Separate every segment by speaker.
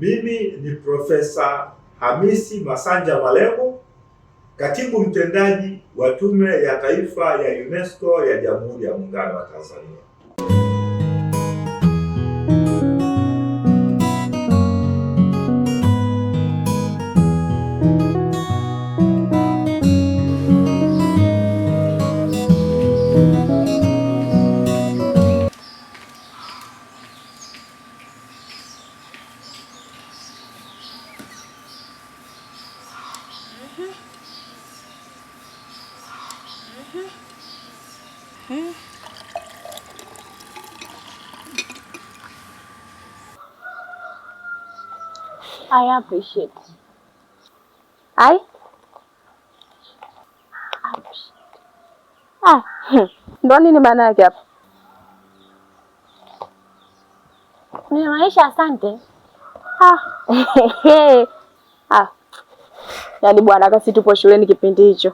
Speaker 1: Mimi ni Profesa Hamisi Masanja Malego, katibu mtendaji wa Tume ya Taifa ya UNESCO ya Jamhuri ya Muungano wa Tanzania.
Speaker 2: I appreciate. I appreciate.
Speaker 3: Ah, hmm. ndo nini maana yake hapa?
Speaker 2: Nimaanisha asante.
Speaker 3: Ah. Ah. Yaani bwana kasi tupo shuleni kipindi hicho.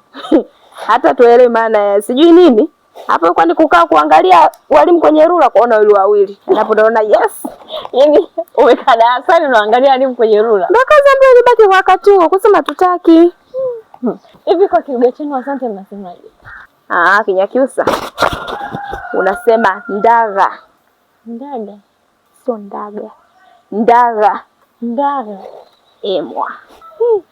Speaker 3: Hata tuelewe maana ya sijui nini. Hapo kwani kukaa kuangalia walimu kwenye rula kuona wili wawili. Napo naona yes. Yaani umekaa darasani unaangalia alimu kwenye rula.
Speaker 2: Ndio kazi ambayo ilibaki kwa wakati huo kusema tutaki. Hivi kwa Kiruga chenu asante mnasemaje?
Speaker 3: Ah, ah, Kinyakyusa. Unasema ndaga.
Speaker 2: Ndaga. Sio ndaga.
Speaker 3: Ndaga. Ndaga. Emwa. Hmm.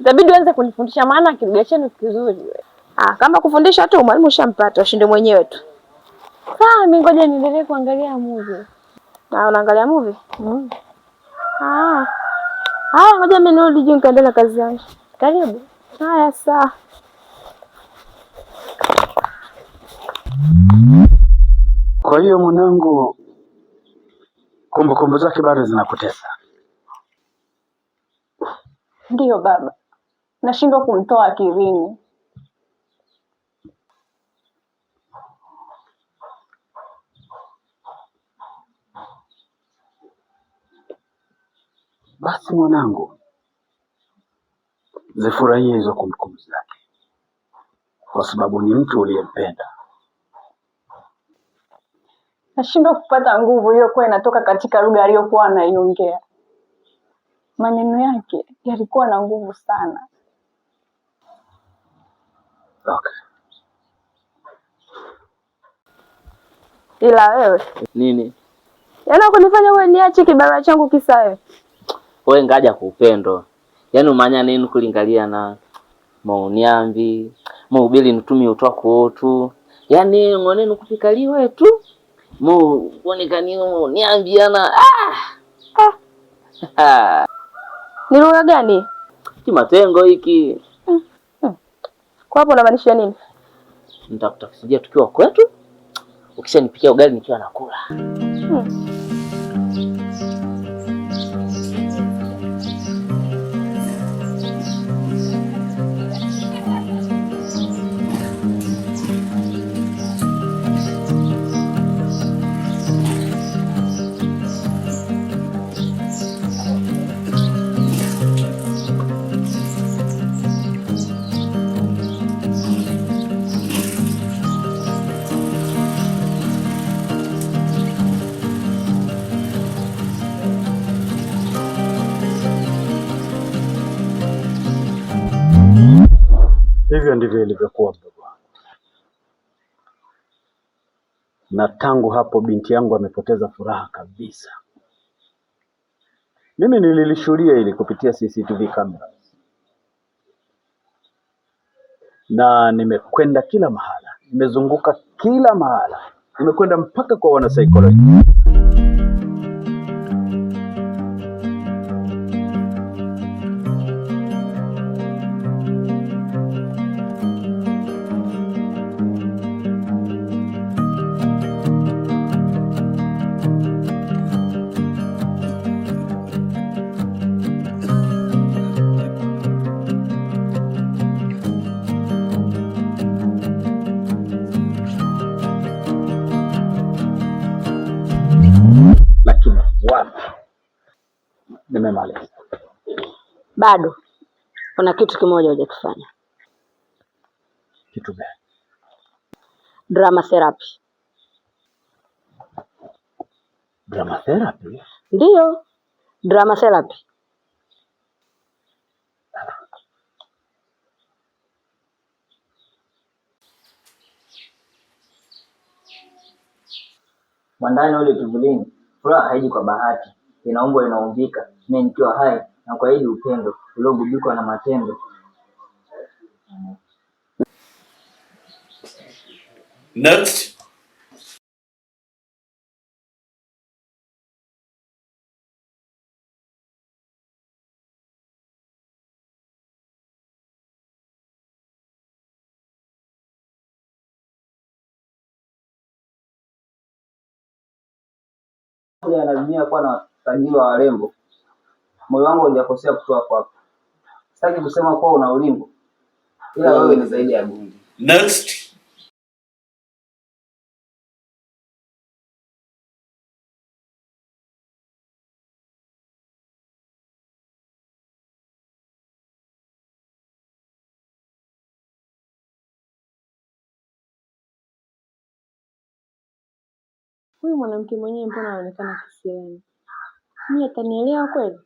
Speaker 2: Itabidi uanze kunifundisha maana Kiruga chenu kizuri wewe.
Speaker 3: Ah, kama kufundisha tu mwalimu shampata ushinde mwenyewe tu.
Speaker 2: Sawa, mimi ngoja niendelee kuangalia movie.
Speaker 3: Ah, unaangalia movie? Mm.
Speaker 2: Ah. Haya, ah, ngoja mimi nirudi juu nikaendelee na kazi yangu. Karibu. Haya, sawa.
Speaker 1: Kwa hiyo mwanangu, kumbukumbu zake bado zinakutesa?
Speaker 2: Ndiyo baba, nashindwa kumtoa akilini.
Speaker 1: Basi mwanangu, zifurahie hizo kumbukumbu zake, kwa sababu ni mtu uliyempenda.
Speaker 2: Nashindwa kupata nguvu iliyokuwa inatoka katika lugha aliyokuwa anaiongea. Maneno yake yalikuwa na nguvu sana. Okay. Ila wewe nini, yaani kunifanya wewe niache kibarua changu kisa wewe
Speaker 1: wewe ngaja upendo yaani umanya nini kulingalia na mauniambi mubili nitumi utwa kuotu yaani ngone kupikaliwe tu mu kuonekaniwe mauniambiana ah!
Speaker 2: ah! ni lugha gani
Speaker 1: kimatengo hiki mm,
Speaker 2: mm. Kwa hapo unamaanisha nini?
Speaker 1: Nitakutafutia tukiwa kwetu, ukishanipikia ugali nikiwa nakula mm. Hivyo ndivyo ilivyokuwa mdogo wangu, na tangu hapo binti yangu amepoteza furaha kabisa. Mimi nililishuhudia ili kupitia CCTV camera na nimekwenda kila mahala, nimezunguka kila mahala, nimekwenda mpaka kwa wanasaikolojia. Wapi? Nimemaliza.
Speaker 2: Bado kuna kitu kimoja hujakifanya. Kitu gani? Drama therapy.
Speaker 1: Drama therapy?
Speaker 2: Ndiyo, drama therapy.
Speaker 1: Mwandani ule tuvulini Furaha haiji kwa bahati, inaumbwa inaumbika, mimi nikiwa hai nakuahidi upendo uliogubikwa na matendo. Next. Pamoja na dunia kuwa na tajiri wa warembo, moyo wangu haujakosea kutoa kwako. Sitaki kusema kuwa una ulimbo, ila wewe ni zaidi ya gundi. Next.
Speaker 2: huyu mwanamke mwenyewe mbona anaonekana kisiani? Mimi atanielewa kweli?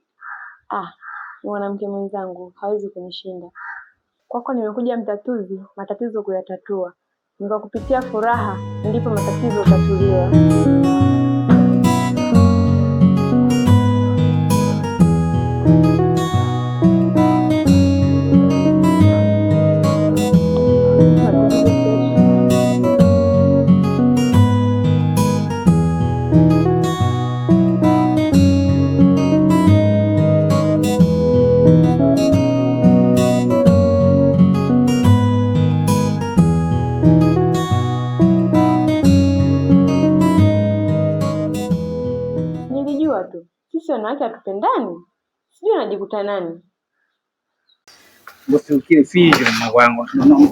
Speaker 2: Ah, mwanamke mwenzangu hawezi kunishinda. Kwako nimekuja mtatuzi, matatizo kuyatatua. Ni kwa kupitia furaha ndipo matatizo utatuliwa. Unakuta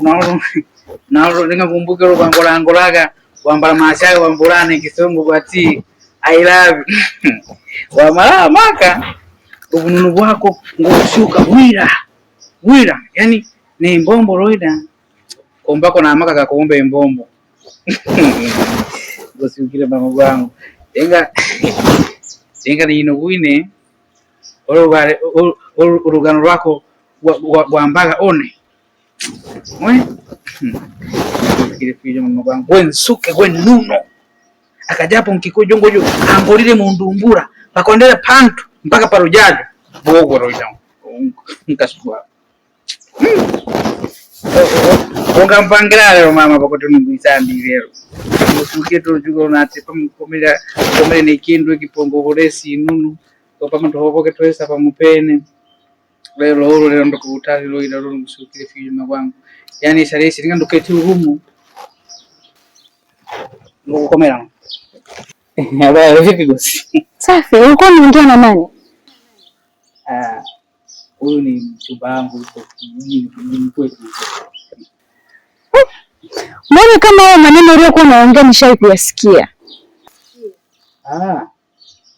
Speaker 1: nani nalingakumbuka lwangolangolaga wambala mashaga wambulane kisongo kwati I love wamala maka ubununu bwako ngoshuka bwira bwira yani ni imbombo loida kombako namaka mbombo imbombo gosiukire mama gwangu enga enga niino gwine urugano rwako gwambaga one hmm. gwe nsuke gwe nuno akajapo nkikujongojo ambolile mundumbura pakondele pantu mpaka parujajo bogoroja nkasubwa ungampangira hmm. lero mama pakuti nungwisambi lero musuke tolujuka unate pamukomera komere nekindu ikipongohore opamatohokoke toesa pamupene lero olo lero ndoko utali loida lolo kwangu yani ishalisi linga ndoketi urumu ngokukomera Habari vipi gosi?
Speaker 2: Safi, ulikuwa unaongea na nani?
Speaker 1: huyu ni mchumba wangu
Speaker 2: Mbona kama hayo maneno uliyokuwa unaongea nishai kuyasikia?
Speaker 1: Ah,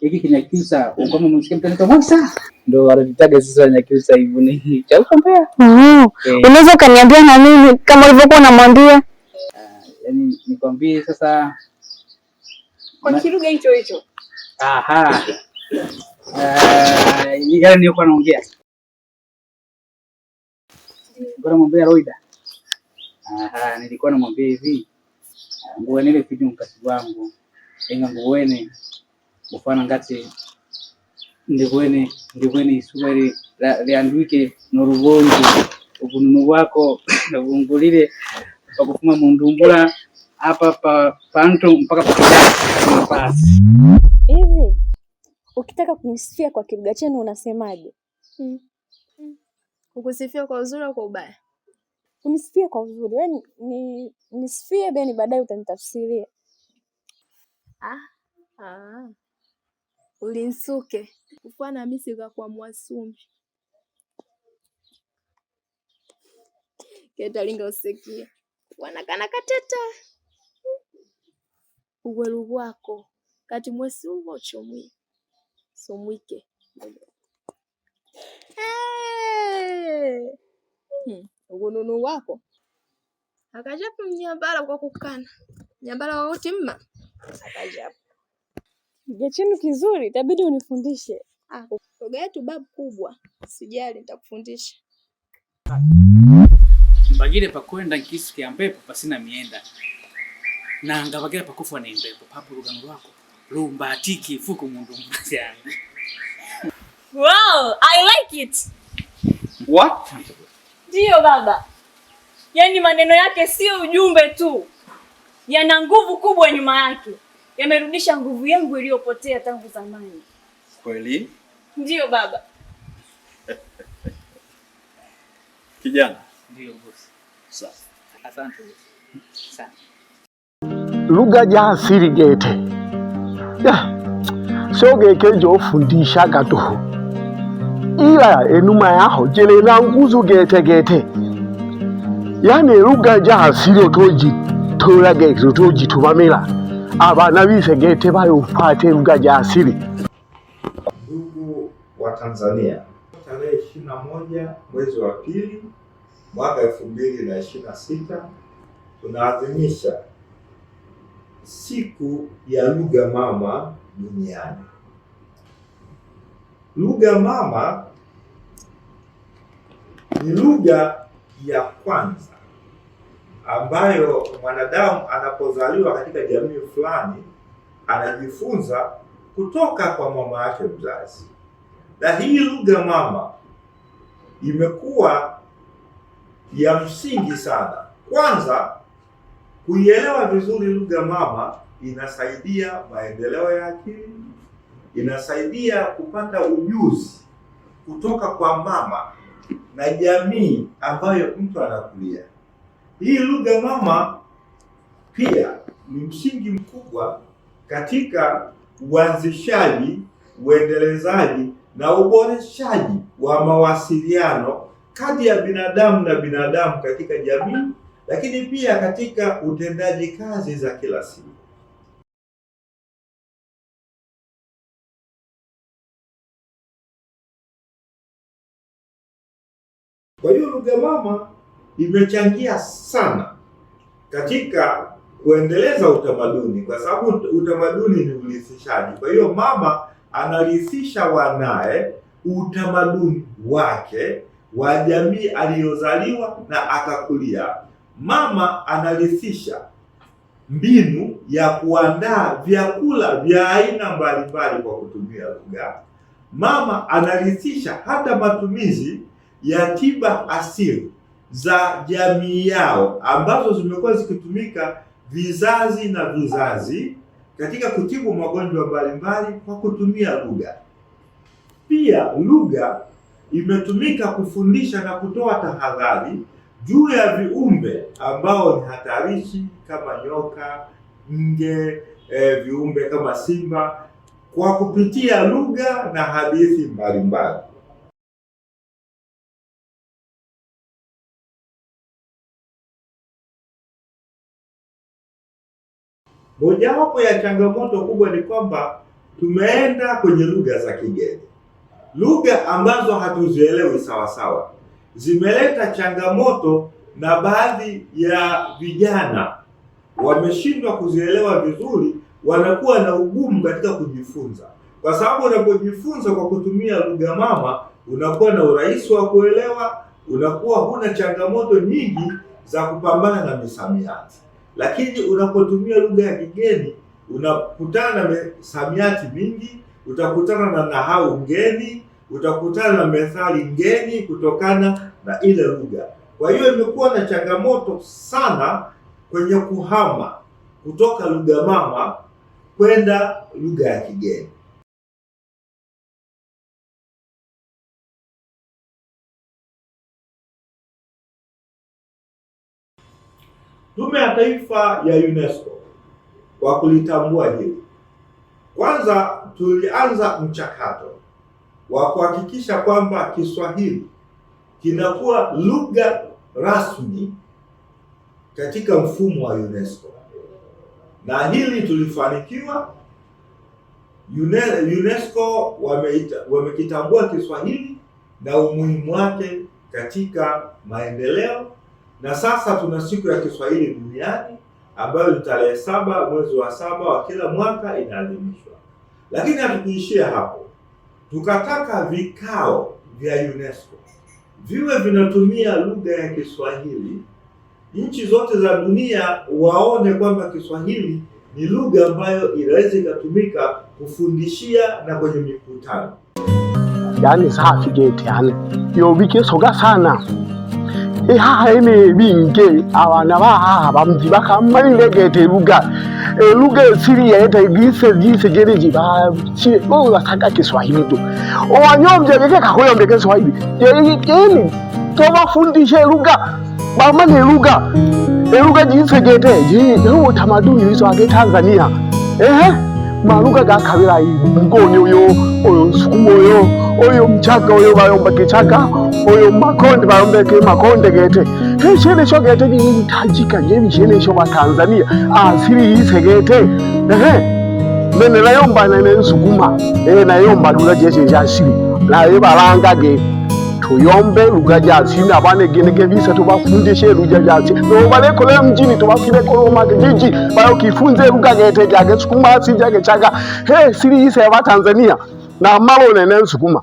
Speaker 1: hiki Kinyakyusa ukama msikia mtu Mwasa, ndo wanatitaga sisi Wanyakyusa hivyo. Ni cha ukombea.
Speaker 2: Mm-hmm. Eh. Unaweza ukaniambia na mimi kama ulivyokuwa unamwambia,
Speaker 1: yaani nikwambie sasa
Speaker 2: kwa kiruga hicho hicho.
Speaker 1: Aha, ah, ni gani nilikuwa naongea? mwambia Roida. Aha, nilikuwa namwambia hivi, ah, nguo nile kitu mkasi wangu enga nguo wene gofana ngati ndikwene ndikwene isukari liandwike noruvonzi ubununu bwako nabungulire pakufuma mundumbula apa pa pantu mpaka pakidapasi
Speaker 2: hivi ukitaka kunisifia kwa kibuga chenu unasemaje? Mm. Mm. ukusifia kwa uzuri au kwa ubaya? unisifie kwa uzuri. Wewe yaani ni beni baadaye utanitafsiria. ah. ah. Ulinsuke kufwana misika kwa mwasumbi ketalinga usekie wanakana kateta uwelu bwako kati mwesi uvo chomwi somwike hey! hmm. ugununu wako akajapo mnyambala kwa kukana nyambala wawotimma akajapo Kiga chenu kizuri, itabidi unifundishe shoga ah, yetu. Babu kubwa, sijali, nitakufundisha
Speaker 1: mbagile pakwenda nkisi kya mpepo pasina mienda na ngavagila pakufa na imbepo papo lugano lwako lumbatiki fuku mundu mkutana.
Speaker 2: Wow, I like it. What? Ndio baba, yaani maneno yake sio ujumbe tu, yana nguvu kubwa nyuma yake yamerudisha nguvu yangu iliyopotea tangu zamani. Kweli? Ndiyo baba.
Speaker 1: Kijana.
Speaker 3: Ndiyo bosi. Sawa. Asante bosi. Sana.
Speaker 1: Lugha ya asili gete sogeke jofundishaga tu ila enuma yaho jelela nguzu gete gete yani lugha ya asili otojitolagete otojituvamila abana b'ishegete bayufate lugha ya asili. Ndugu wa Tanzania, tarehe 21 mwezi wa pili mwaka 2026 tunaadhimisha siku ya lugha mama duniani. Lugha mama ni lugha ya kwanza ambayo mwanadamu anapozaliwa katika jamii fulani anajifunza kutoka kwa mama yake mzazi, na hii lugha mama imekuwa ya msingi sana. Kwanza, kuielewa vizuri lugha mama inasaidia maendeleo ya akili, inasaidia kupata ujuzi kutoka kwa mama na jamii ambayo mtu anakulia. Hii lugha mama pia ni msingi mkubwa katika uanzishaji, uendelezaji na uboreshaji wa mawasiliano kati ya binadamu na binadamu katika jamii, lakini pia katika utendaji kazi za kila siku. Kwa hiyo lugha mama imechangia sana katika kuendeleza utamaduni, kwa sababu utamaduni ni urithishaji. Kwa hiyo mama anarithisha wanaye utamaduni wake wa jamii aliyozaliwa na akakulia. Mama anarithisha mbinu ya kuandaa vyakula vya aina mbalimbali kwa kutumia lugha. Mama anarithisha hata matumizi ya tiba asili za jamii yao ambazo zimekuwa zikitumika vizazi na vizazi katika kutibu magonjwa mbalimbali kwa kutumia lugha. Pia lugha imetumika kufundisha na kutoa tahadhari juu ya viumbe ambao ni hatarishi kama nyoka, nge, e, viumbe kama simba kwa kupitia lugha na hadithi mbalimbali. Mojawapo ya changamoto kubwa ni kwamba tumeenda kwenye lugha za kigeni, lugha ambazo hatuzielewi sawasawa, zimeleta changamoto na baadhi ya vijana wameshindwa kuzielewa vizuri, wanakuwa na ugumu katika kujifunza, kwa sababu unapojifunza kwa kutumia lugha mama unakuwa na urahisi wa kuelewa, unakuwa huna changamoto nyingi za kupambana na misamiati. Lakini unapotumia lugha ya kigeni unakutana na msamiati mingi, utakutana na nahau ngeni, utakutana na methali ngeni kutokana na ile lugha. Kwa hiyo imekuwa na changamoto sana kwenye kuhama kutoka lugha mama kwenda lugha ya kigeni. Tume ya Taifa ya UNESCO kwa kulitambua hili, kwanza tulianza mchakato wa kuhakikisha kwamba Kiswahili kinakuwa lugha rasmi katika mfumo wa UNESCO, na hili tulifanikiwa. UNESCO wamekitambua wame Kiswahili na umuhimu wake katika maendeleo na sasa tuna siku ya Kiswahili duniani ambayo ni tarehe saba mwezi wa saba wa kila mwaka inaadhimishwa, lakini hatukuishia hapo. Tukataka vikao vya UNESCO viwe vinatumia lugha ya Kiswahili, nchi zote za dunia waone kwamba Kiswahili ni lugha ambayo inaweza ikatumika kufundishia na kwenye mikutano. Yaani saa sijeteane yovikesoga sana ehaene ebinge abana bahaha bamzi bakammalira egeeta eruga eruga esiri yaeta gise gise gereji bakie basaka Kiswahili tu owanyomjegeke kakoyombeke Kiswahili jeeni tobafundisha eruga bamane eruga eruga jise gete je utamaduni wizo ake Tanzania ehe malukaga akhavelayi mkoni oyo oyo msuku oyo oyo mchaka oyo vayomba kichaka oyo makonde vayombeke makonde gete keshenesho gete nivitajika nye vishenesho vatanzania asirihise gete ehe mene nayomba nene nsukuma ee nayomba lula jeshe shashiri naye valangage tuyombe lugajazini abana genegebisa tubafundishe lugajazini nobalekole mjini tubafilekola omakijiji bayokifunze luga gete jage sukuma si jage chaga he siliisa yaba Tanzania na malo nene nsukuma